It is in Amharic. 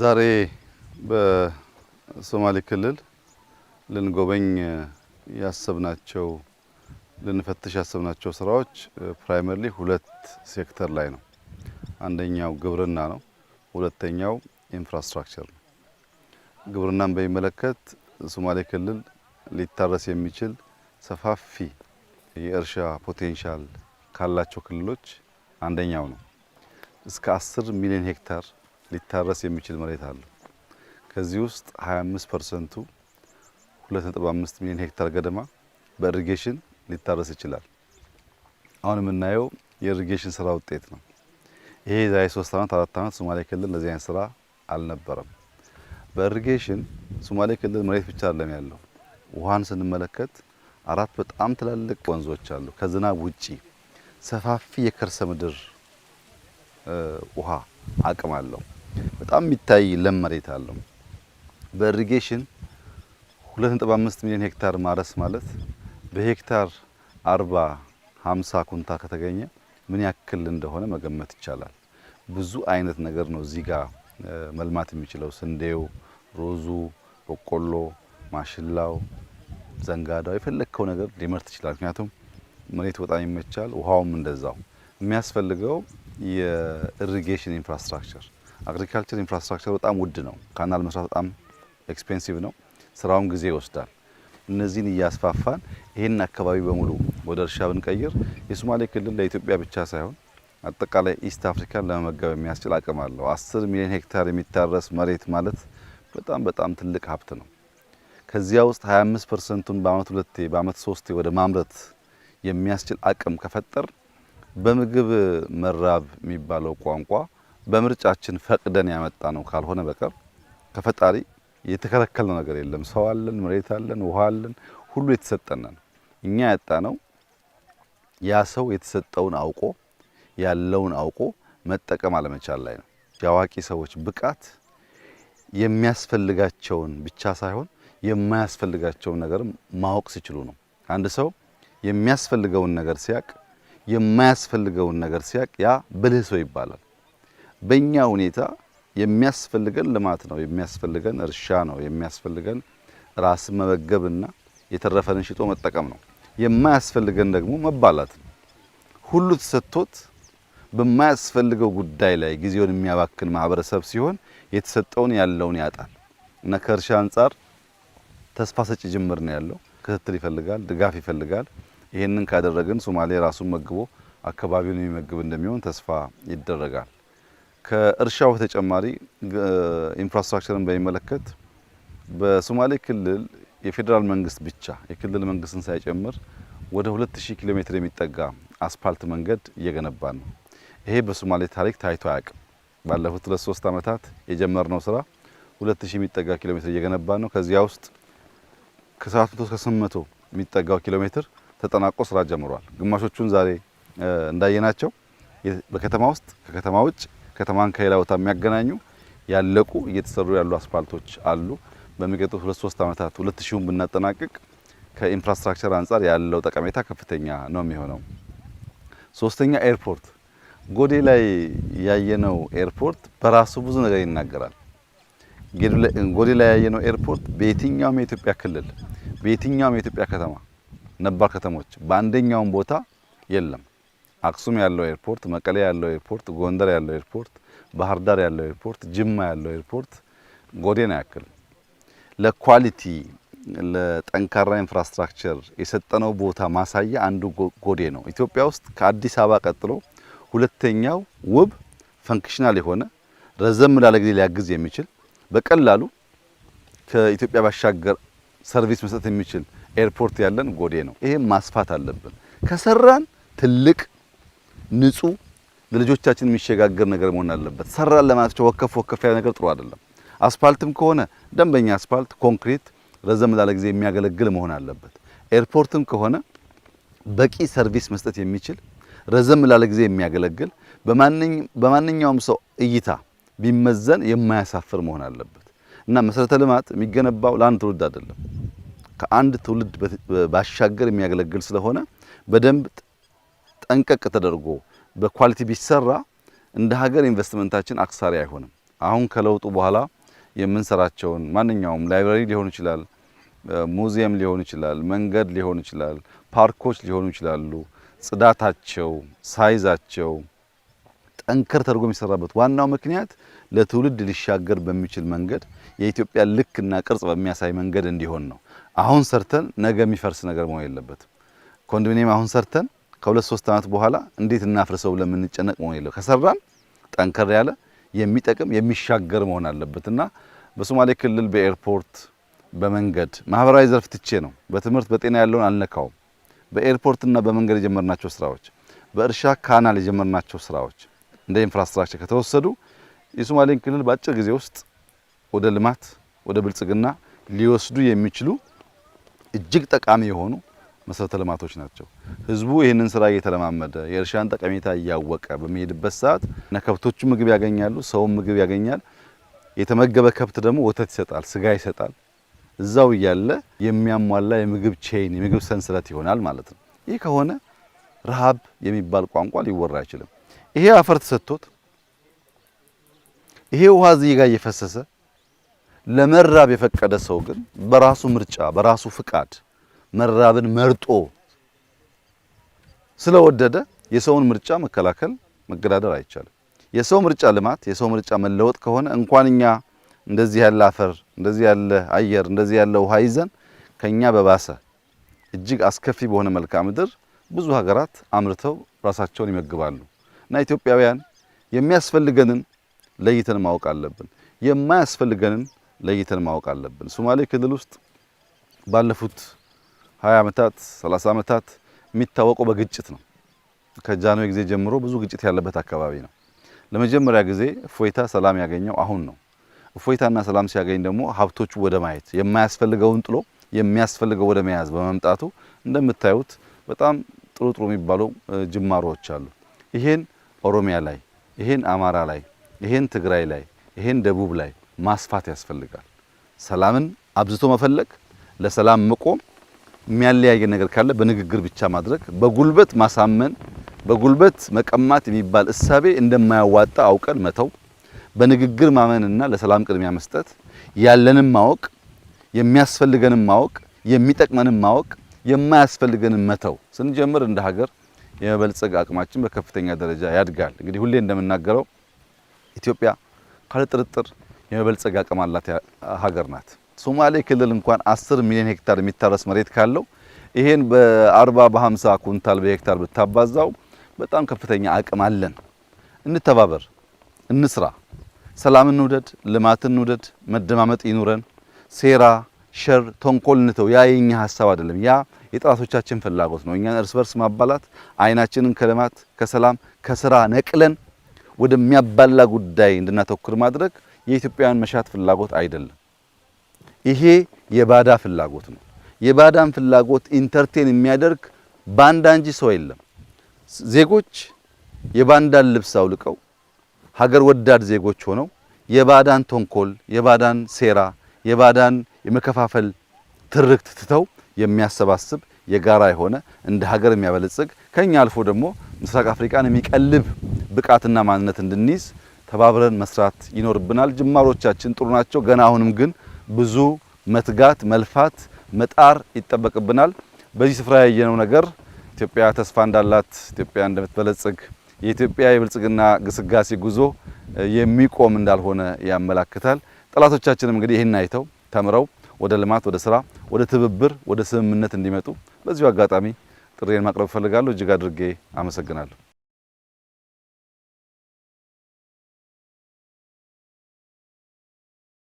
ዛሬ በሶማሌ ክልል ልንጎበኝ ያሰብናቸው ልንፈትሽ ያሰብናቸው ስራዎች ፕራይመሪሊ ሁለት ሴክተር ላይ ነው። አንደኛው ግብርና ነው፣ ሁለተኛው ኢንፍራስትራክቸር ነው። ግብርናን በሚመለከት ሶማሌ ክልል ሊታረስ የሚችል ሰፋፊ የእርሻ ፖቴንሻል ካላቸው ክልሎች አንደኛው ነው። እስከ 10 ሚሊዮን ሄክታር ሊታረስ የሚችል መሬት አለው። ከዚህ ውስጥ 25 ፐርሰንቱ 2.5 ሚሊዮን ሄክታር ገደማ በኢሪጌሽን ሊታረስ ይችላል። አሁን የምናየው የኢሪጌሽን ስራ ውጤት ነው። ይሄ የዛሬ 3 ዓመት 4 ዓመት ሶማሌ ክልል እንደዚህ አይነት ስራ አልነበረም። በኢሪጌሽን ሶማሌ ክልል መሬት ብቻ አይደለም ያለው። ውሃን ስንመለከት አራት በጣም ትላልቅ ወንዞች አሉ። ከዝናብ ውጪ ሰፋፊ የከርሰ ምድር ውሃ አቅም አለው። በጣም የሚታይ ለም መሬት አለው። በኢሪጌሽን 2.5 ሚሊዮን ሄክታር ማረስ ማለት በሄክታር 40 50 ኩንታ ከተገኘ ምን ያክል እንደሆነ መገመት ይቻላል። ብዙ አይነት ነገር ነው እዚህ ጋር መልማት የሚችለው ስንዴው፣ ሮዙ፣ በቆሎ፣ ማሽላው፣ ዘንጋዳው የፈለግከው ነገር ሊመርት ይችላል። ምክንያቱም መሬቱ በጣም ይመቻል፣ ውሃውም እንደዛው። የሚያስፈልገው የኢሪጌሽን ኢንፍራስትራክቸር አግሪካልቸር ኢንፍራስትራክቸር በጣም ውድ ነው። ካናል መስራት በጣም ኤክስፔንሲቭ ነው። ስራውን ጊዜ ይወስዳል። እነዚህን እያስፋፋን ይህን አካባቢ በሙሉ ወደ እርሻ ብንቀይር የሶማሌ ክልል ለኢትዮጵያ ብቻ ሳይሆን አጠቃላይ ኢስት አፍሪካን ለመመገብ የሚያስችል አቅም አለው። አስር ሚሊዮን ሄክታር የሚታረስ መሬት ማለት በጣም በጣም ትልቅ ሀብት ነው። ከዚያ ውስጥ 25 ፐርሰንቱን በአመት ሁለቴ በአመት ሶስቴ ወደ ማምረት የሚያስችል አቅም ከፈጠር በምግብ መራብ የሚባለው ቋንቋ በምርጫችን ፈቅደን ያመጣ ነው ካልሆነ በቀር ከፈጣሪ የተከለከለ ነገር የለም። ሰው አለን፣ መሬት አለን፣ ውሃ አለን፣ ሁሉ የተሰጠን ነው። እኛ ያጣ ነው ያ ሰው የተሰጠውን አውቆ ያለውን አውቆ መጠቀም አለመቻል ላይ ነው። የአዋቂ ሰዎች ብቃት የሚያስፈልጋቸውን ብቻ ሳይሆን የማያስፈልጋቸውን ነገር ማወቅ ሲችሉ ነው። አንድ ሰው የሚያስፈልገውን ነገር ሲያቅ፣ የማያስፈልገውን ነገር ሲያቅ ያ ብልህ ሰው ይባላል። በእኛ ሁኔታ የሚያስፈልገን ልማት ነው፣ የሚያስፈልገን እርሻ ነው፣ የሚያስፈልገን ራስን መመገብና የተረፈንን ሽጦ መጠቀም ነው። የማያስፈልገን ደግሞ መባላት ነው። ሁሉ ተሰጥቶት በማያስፈልገው ጉዳይ ላይ ጊዜውን የሚያባክን ማህበረሰብ ሲሆን የተሰጠውን ያለውን ያጣል እና ከእርሻ አንጻር ተስፋ ሰጪ ጅምር ነው ያለው። ክትትል ይፈልጋል፣ ድጋፍ ይፈልጋል። ይህንን ካደረግን ሶማሌ ራሱን መግቦ አካባቢውን የሚመግብ እንደሚሆን ተስፋ ይደረጋል። ከእርሻው በተጨማሪ ኢንፍራስትራክቸርን በሚመለከት በሶማሌ ክልል የፌዴራል መንግስት ብቻ የክልል መንግስትን ሳይጨምር ወደ 2000 ኪሎ ሜትር የሚጠጋ አስፓልት መንገድ እየገነባ ነው። ይሄ በሶማሌ ታሪክ ታይቶ አያውቅም። ባለፉት ሁለት ሶስት ዓመታት የጀመርነው ስራ 2000 የሚጠጋ ኪሎ ሜትር እየገነባ ነው። ከዚያ ውስጥ ከ700 እስከ 800 የሚጠጋው ኪሎ ሜትር ተጠናቆ ስራ ጀምሯል። ግማሾቹን ዛሬ እንዳየናቸው በከተማ ውስጥ ከከተማ ውጭ ከተማን ከሌላ ቦታ የሚያገናኙ ያለቁ እየተሰሩ ያሉ አስፓልቶች አሉ። በሚቀጥሉት ሁለት ሶስት ዓመታት ሁለት ሺውን ብናጠናቅቅ ከኢንፍራስትራክቸር አንጻር ያለው ጠቀሜታ ከፍተኛ ነው የሚሆነው። ሶስተኛ ኤርፖርት፣ ጎዴ ላይ ያየነው ኤርፖርት በራሱ ብዙ ነገር ይናገራል። ጎዴ ላይ ያየነው ኤርፖርት በየትኛውም የኢትዮጵያ ክልል በየትኛውም የኢትዮጵያ ከተማ ነባር ከተሞች በአንደኛውም ቦታ የለም። አክሱም ያለው ኤርፖርት፣ መቀሌ ያለው ኤርፖርት፣ ጎንደር ያለው ኤርፖርት፣ ባህር ዳር ያለው ኤርፖርት፣ ጅማ ያለው ኤርፖርት ጎዴን አያክልም። ለኳሊቲ ለጠንካራ ኢንፍራስትራክቸር የሰጠነው ቦታ ማሳያ አንዱ ጎዴ ነው። ኢትዮጵያ ውስጥ ከአዲስ አበባ ቀጥሎ ሁለተኛው ውብ ፈንክሽናል የሆነ ረዘም ላለ ጊዜ ሊያግዝ የሚችል በቀላሉ ከኢትዮጵያ ባሻገር ሰርቪስ መስጠት የሚችል ኤርፖርት ያለን ጎዴ ነው። ይሄም ማስፋት አለብን። ከሰራን ትልቅ ንጹህ ለልጆቻችን የሚሸጋገር ነገር መሆን አለበት። ሰራን ለማለታቸው ወከፍ ወከፍ ያለ ነገር ጥሩ አይደለም። አስፋልትም ከሆነ ደንበኛ አስፋልት ኮንክሪት ረዘም ላለ ጊዜ የሚያገለግል መሆን አለበት። ኤርፖርትም ከሆነ በቂ ሰርቪስ መስጠት የሚችል ረዘም ላለ ጊዜ የሚያገለግል በማንኛውም ሰው እይታ ቢመዘን የማያሳፍር መሆን አለበት እና መሰረተ ልማት የሚገነባው ለአንድ ትውልድ አይደለም፣ ከአንድ ትውልድ ባሻገር የሚያገለግል ስለሆነ በደንብ ጠንቀቅ ተደርጎ በኳሊቲ ቢሰራ እንደ ሀገር ኢንቨስትመንታችን አክሳሪ አይሆንም። አሁን ከለውጡ በኋላ የምንሰራቸውን ማንኛውም ላይብራሪ ሊሆን ይችላል፣ ሙዚየም ሊሆን ይችላል፣ መንገድ ሊሆን ይችላል፣ ፓርኮች ሊሆኑ ይችላሉ። ጽዳታቸው፣ ሳይዛቸው ጠንከር ተደርጎ የሚሰራበት ዋናው ምክንያት ለትውልድ ሊሻገር በሚችል መንገድ የኢትዮጵያ ልክና ቅርጽ በሚያሳይ መንገድ እንዲሆን ነው። አሁን ሰርተን ነገ የሚፈርስ ነገር መሆን የለበትም። ኮንዶሚኒየም አሁን ሰርተን ከሁለት ሶስት ዓመት በኋላ እንዴት እናፍርሰው ብለን የምንጨነቅ መሆን የለው። ከሰራን ጠንከር ያለ የሚጠቅም የሚሻገር መሆን አለበት እና በሶማሌ ክልል በኤርፖርት በመንገድ ማህበራዊ ዘርፍ ትቼ ነው በትምህርት በጤና ያለውን አልነካውም። በኤርፖርትና በመንገድ የጀመርናቸው ስራዎች፣ በእርሻ ካናል የጀመርናቸው ስራዎች እንደ ኢንፍራስትራክቸር ከተወሰዱ የሶማሌን ክልል በአጭር ጊዜ ውስጥ ወደ ልማት ወደ ብልጽግና ሊወስዱ የሚችሉ እጅግ ጠቃሚ የሆኑ መሰረተ ልማቶች ናቸው። ህዝቡ ይህንን ስራ እየተለማመደ የእርሻን ጠቀሜታ እያወቀ በሚሄድበት ሰዓት እና ከብቶቹ ምግብ ያገኛሉ፣ ሰውም ምግብ ያገኛል። የተመገበ ከብት ደግሞ ወተት ይሰጣል፣ ስጋ ይሰጣል። እዛው እያለ የሚያሟላ የምግብ ቼይን የምግብ ሰንሰለት ይሆናል ማለት ነው። ይህ ከሆነ ረሃብ የሚባል ቋንቋ ሊወራ አይችልም። ይሄ አፈር ተሰጥቶት ይሄ ውሃ እዚህ ጋር እየፈሰሰ ለመራብ የፈቀደ ሰው ግን በራሱ ምርጫ በራሱ ፍቃድ መራብን መርጦ ስለወደደ የሰውን ምርጫ መከላከል መገዳደር አይቻልም። የሰው ምርጫ ልማት፣ የሰው ምርጫ መለወጥ ከሆነ እንኳን እኛ እንደዚህ ያለ አፈር፣ እንደዚህ ያለ አየር፣ እንደዚህ ያለ ውሃ ይዘን ከኛ በባሰ እጅግ አስከፊ በሆነ መልክዓ ምድር ብዙ ሀገራት አምርተው ራሳቸውን ይመግባሉ። እና ኢትዮጵያውያን የሚያስፈልገንን ለይተን ማወቅ አለብን፣ የማያስፈልገንን ለይተን ማወቅ አለብን። ሶማሌ ክልል ውስጥ ባለፉት 20 ዓመታት 30 ዓመታት የሚታወቀው በግጭት ነው። ከጃንሆይ ጊዜ ጀምሮ ብዙ ግጭት ያለበት አካባቢ ነው። ለመጀመሪያ ጊዜ እፎይታ ሰላም ያገኘው አሁን ነው። እፎይታና ሰላም ሲያገኝ ደግሞ ሀብቶቹ ወደ ማየት የማያስፈልገውን ጥሎ የሚያስፈልገው ወደ መያዝ በመምጣቱ እንደምታዩት በጣም ጥሩ ጥሩ የሚባሉ ጅማሮዎች አሉ። ይሄን ኦሮሚያ ላይ፣ ይሄን አማራ ላይ፣ ይሄን ትግራይ ላይ፣ ይሄን ደቡብ ላይ ማስፋት ያስፈልጋል። ሰላምን አብዝቶ መፈለግ፣ ለሰላም መቆም የሚያለያየን ነገር ካለ በንግግር ብቻ ማድረግ፣ በጉልበት ማሳመን፣ በጉልበት መቀማት የሚባል እሳቤ እንደማያዋጣ አውቀን መተው፣ በንግግር ማመንና ለሰላም ቅድሚያ መስጠት፣ ያለንም ማወቅ፣ የሚያስፈልገንም ማወቅ፣ የሚጠቅመንም ማወቅ፣ የማያስፈልገንም መተው ስንጀምር እንደ ሀገር የመበልጸግ አቅማችን በከፍተኛ ደረጃ ያድጋል። እንግዲህ ሁሌ እንደምናገረው ኢትዮጵያ ካለ ጥርጥር የመበልጸግ አቅም አላት ሀገር ናት። ሶማሌ ክልል እንኳን 10 ሚሊዮን ሄክታር የሚታረስ መሬት ካለው ይሄን በ40 በ50 ኩንታል በሄክታር ብታባዛው በጣም ከፍተኛ አቅም አለን። እንተባበር፣ እንስራ፣ ሰላምን እንውደድ፣ ልማትን እንውደድ፣ መደማመጥ ይኑረን። ሴራ፣ ሸር፣ ተንኮል እንተው። ያ የኛ ሀሳብ አይደለም። ያ የጠላቶቻችን ፍላጎት ነው። እኛን እርስ በርስ ማባላት፣ አይናችንን ከልማት ከሰላም ከስራ ነቅለን ወደሚያባላ ጉዳይ እንድናተኩር ማድረግ የኢትዮጵያውያን መሻት ፍላጎት አይደለም። ይሄ የባዳ ፍላጎት ነው። የባዳን ፍላጎት ኢንተርቴን የሚያደርግ ባንዳ እንጂ ሰው የለም። ዜጎች የባንዳን ልብስ አውልቀው ሀገር ወዳድ ዜጎች ሆነው የባዳን ተንኮል፣ የባዳን ሴራ፣ የባዳን የመከፋፈል ትርክት ትተው የሚያሰባስብ የጋራ የሆነ እንደ ሀገር የሚያበለጽግ ከኛ አልፎ ደግሞ ምስራቅ አፍሪካን የሚቀልብ ብቃትና ማንነት እንድንይዝ ተባብረን መስራት ይኖርብናል። ጅማሮቻችን ጥሩ ናቸው። ገና አሁንም ግን ብዙ መትጋት፣ መልፋት፣ መጣር ይጠበቅብናል። በዚህ ስፍራ ያየነው ነገር ኢትዮጵያ ተስፋ እንዳላት፣ ኢትዮጵያ እንደምትበለጽግ፣ የኢትዮጵያ የብልጽግና ግስጋሴ ጉዞ የሚቆም እንዳልሆነ ያመላክታል። ጠላቶቻችንም እንግዲህ ይህን አይተው ተምረው ወደ ልማት፣ ወደ ስራ፣ ወደ ትብብር፣ ወደ ስምምነት እንዲመጡ በዚሁ አጋጣሚ ጥሪን ማቅረብ እፈልጋለሁ። እጅግ አድርጌ አመሰግናለሁ።